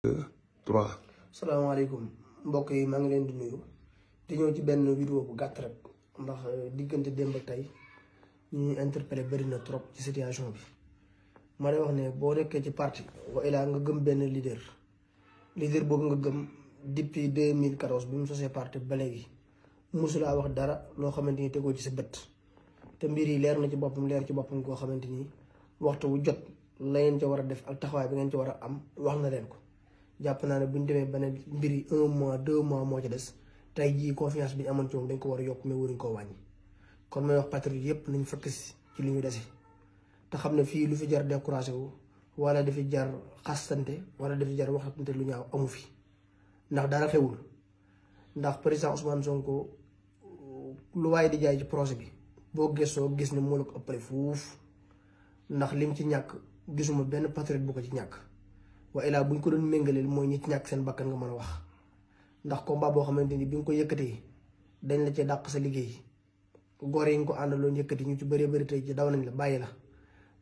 Assalamualaikum, salaamaaleykum mbokk yi maa ngi leen di nuyu di ñëw ci benn vidéo bu gàtt rek ndax euh, diggante démb ak tey ñu ñuy interpellé bëri na trop ci situation bi ma lay wax ne boo nekkee ci parti wa ilaa nga gëm benn leader leader boobu nga gëm depuis 2014 bi mu sosee parti ba léegi musulaa wax dara loo xamante ni ci sa bët te mbir yi leer na ci leer ci waxtu wu jot la ngeen def ak taxawaay bi ngeen ci am wax na ko japp na ne bu ñu demee ba ne mois 2 mois mo ci dess tay ji confiance bi amon amoon ci moom dañ ko wara yok mé mais ko wañ kon may wax patriote yépp nañ focus ci li ñu dese te xam ne lu fi jar décourager wu wala dafi jar xastante wala dafi jar waxtante lu ñaaw amu fi ndax dara xewul ndax président Ousmane Sonko lu way di jaay ci projet bi bo gesso gis ni mo lu ko ëppale fuuf ndax lim ci ñak gisuma ben patriote bu ko ci ñak wa ila buñ ko doon mengalel moy ñi ci seen bakkan nga mëna wax ndax combat boo xamante ni ko yëkëti dañ la ci dakk sa liggéey góor yi ko andalo ñëkëti ñu ci bëree bëri tay ci daw nañ la bayila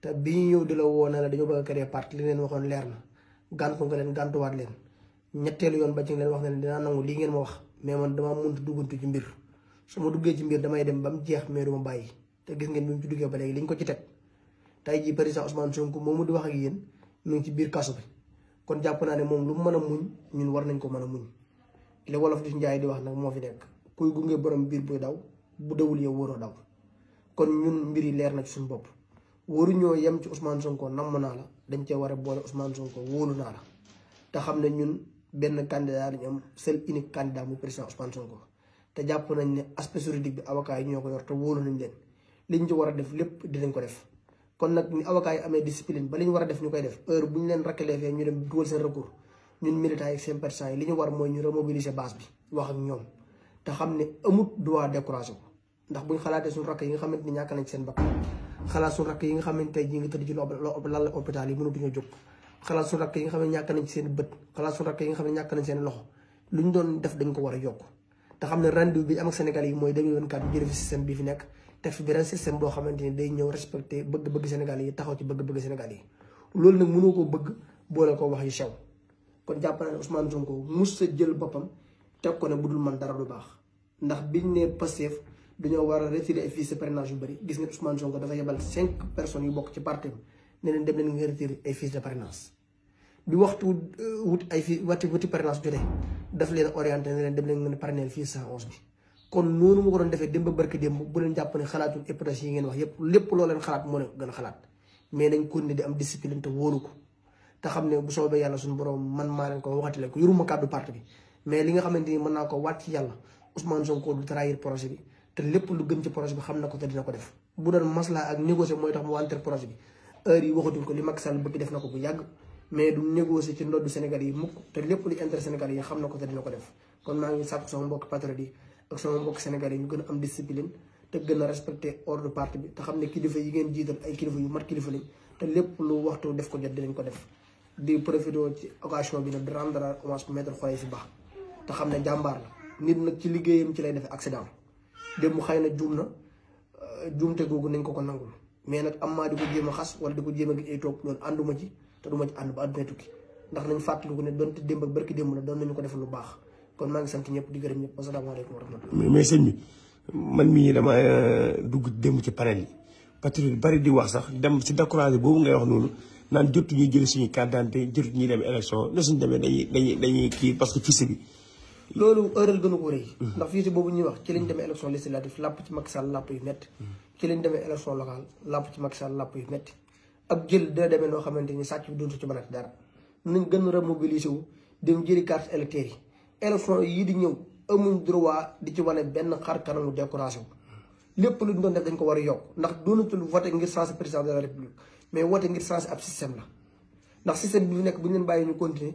ta te bi ñu ñëw di la woo la dañoo bëgg a créer parti li leen waxon leer na gàntu nga leen gàntuwaat leen ñetteelu yoon ba ci leen wax ne dinaa nangu li ngeen ma wax mais man dama muntu duguntu ci mbir su ma duggee ci mbir damay dem bam jeex mais du bayyi te gis ngeen buñ ci duggé ba légui liñ ko ci tay ji bari sax Ousmane Sonko momu di wax ak yeen mu ngi ci bir kasso bi kon jàpp naa ne moom lu mu mën a muñ ñun war nañ ko mën a muñ li wolof di njaay di wax nag moo fi nekk kuy gunge borom biir buy daw bu dawul yow waroo daw kon ñun mbir yi leer na ci suñu bopp waruñoo yem ci Ousmane Sonko namm naa la dañ cee war a boole Ousmane Sonko wóolu naa la te xam ne ñun benn candidat lañu am seul unique candidat muy président Ousmane Sonko te jàpp nañ ne aspect juridique bi avocat yi ñoo ko yor te wóolu nañ leen liñ ci war a def lépp dinañ ko def. kon nag ñu avocat yi amee discipline ba li ñu war a def ñu koy def heure bu ñu leen rakklee fee ñu dem dugal seen recours ñun militants seen partisans yi li ñu war mooy ñu remobiliser base bi wax ak ñoom te xam ne amut droit découragé ndax ndax ñu xalaatee suñu rakk yi nga xamante ni ñàkk nañ seen bakkan xalaat suñu rakk yi nga xamante tey jii nga tëdd ci lal hôpital yi mënatuñoo jóg xalaat suñu rakk nga xam ne ñàkk nañ ci seen bët xalaat suñu rakk yi nga xam ne ñàkk nañ seen loxo lu ñu doon def dañ ko war a yokk te xam ne rendez bi am ak Sénégal yi mooy 2024 bi jërëfi système bi fi nekk teg fi beneen système boo xamante ni day ñëw respecté bëgg-bëgg Sénégal yi taxaw ci bëgg-bëgg Sénégal yi loolu nag mënoo koo bëgg boole ko wax yu sew kon jàpp naa Sonko mus sa jël boppam teg ko ne dul man dara du baax ndax biñ ne Pastef dañoo war a retirer ay fiches de parrainage yu bëri gis nga Ousmane Sonko dafa yebal cinq personnes yu bokk ci parti ne leen dem leen nga retirer ay fiches de parrainage bi waxtu euh, wut ay fi wati wuti parrainage jotee daf leen orienté ne dem leen ngeen parrainel fiche cent onze bi kon noonu mu ko doon defee démb barki démb bu leen jàpp ne xalaatul épresse yi a xalaat mais nañ yàlla suñu borom man maa ko waxati leen ko yoruma kàddu parti bi mais mën naa ko waat ci yàlla Ousmane bi te lu gëm ci projet bi xam na ko te dina ko def bu doon maslaa ak négocier mooy tax mu wanteer projet bi heure yi waxatuñ ko li Macky Sall bëgg def na ko bu yàgg mais du négocier ci ndoddu Sénégal yi mukk te lépp lu intérêt Sénégal yi xam na ko te dina ko def kon maa ngi sàkku sama mbokk patriote yi ak sama mbokk yi ñu gën a am discipline te gën a respecté ordre parti bi te xam ne kilifa yi ngeen jiital ay kilifa yu mat kilifa lañ te lépp lu waxtu def ko jot dinañ ko def di profité ci occasion bi nag di rendre hommage maître Khoureychi si baax te xam ne jàmbaar nit nag ci liggéeyam ci lay defee accident démb xëy na juum na euh, juumte googu nañ ko ko nangul mais nag am maa di ko jéem a xas wala di ko jéem gi ay toog loolu ànduma ci te duma ci ànd ba àdduna tukki ndax nañ fàttaliku ne doonte démb ak barki démb la doon nañu ko def lu baax kon ma ngi sant ñep di gërëm ñep assalamu alaykum wa rahmatulah. mais señ bi man mii dama euh, dugg dem ci panel patrul bari di wax sax dem ci décourager bobu ngay wax noonu nan jottu ñuy jël suñu carte d'identité ñi dem élection ne suñu demee dañuy dañuy dañuy ki parce que fichier bi. lolu heureul gënu ko reuy hmm. ndax fichier bobu ñuy wax ci liñ demee élection législatif lapp ci Macky Sall lapp yu métti. ci liñ demee élection locale lapp ci Macky Sall lapp yu métti ak jël dina demee no xamanteni sacc sàcc bi ci manat dara nañ gën remobiliser wu dem jëri carte électorale élection yii di ñëw amuñ droit di ci wane benn xar kanamu décoration lépp lu ñu def dañ ko war a yokk ndax doonatul voté ngir sens président de la république mais voté ngir sens ab système la ndax système bi fi nekk bu ñu ci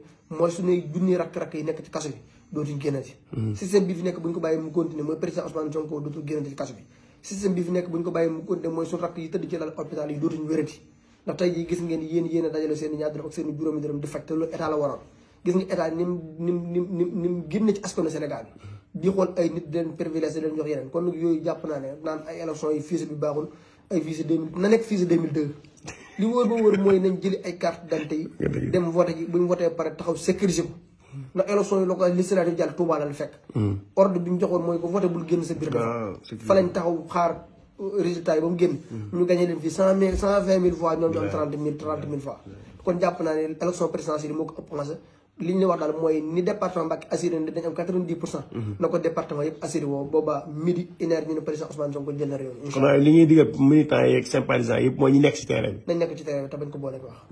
kaso bi dootuñ génnati hmm. système bi fi nekk ko bàyyi mu continuer mooy président Ousmane Sonko dootul génnati ci kaso bi système bi fi nekk bu ñu ko bàyyi mu continuer mooy suñu rakk yi tëdd ci lal hôpital yi dootuñ wérati ndax tey jii gis ngeen yéen yéen a dajale seen i seen i juróomi dërëm la waroon gis nga état ni mu ni mu ni mu ni mu génn ci askanu Sénégal bi di xool ay nit di leen privilégié leen jox yeneen kon nag yooyu jàpp naa ne naan ay élection yi fiise bi baaxul ay fiise deux mille na nekk fiise deux mille deux li wóor ba wóor mooy nañ jëli ay carte d'identité yi dem vote ji bu ñu votee pare taxaw sécuriser ko ndax élection yi locale législative jàll Touba la fekk hmm. ordre bi ñu joxoon mooy ko voté bul génn sa biir ah, fa lañ taxaw xaar euh, résultat yi ba mu génn hmm. ñu gagné leen fii cent mille cent vingt mille fois ñoom ñu am trente mille trente mille fois kon jàpp naa ne élection présidentielle yi moo ko ëpp li ñu war daal mooy ni département Mbacké assuré ni dañ am 90 pour cent mhm. na département yëpp assuré booba midi une ñu ne président Ousmane Sonko jël na réew mi kon li ñuy digal militants yeeg sympathisants yëpp mooy ñu nekk ci terrain nañ nekk ci terrain bi te bañ ko boole wax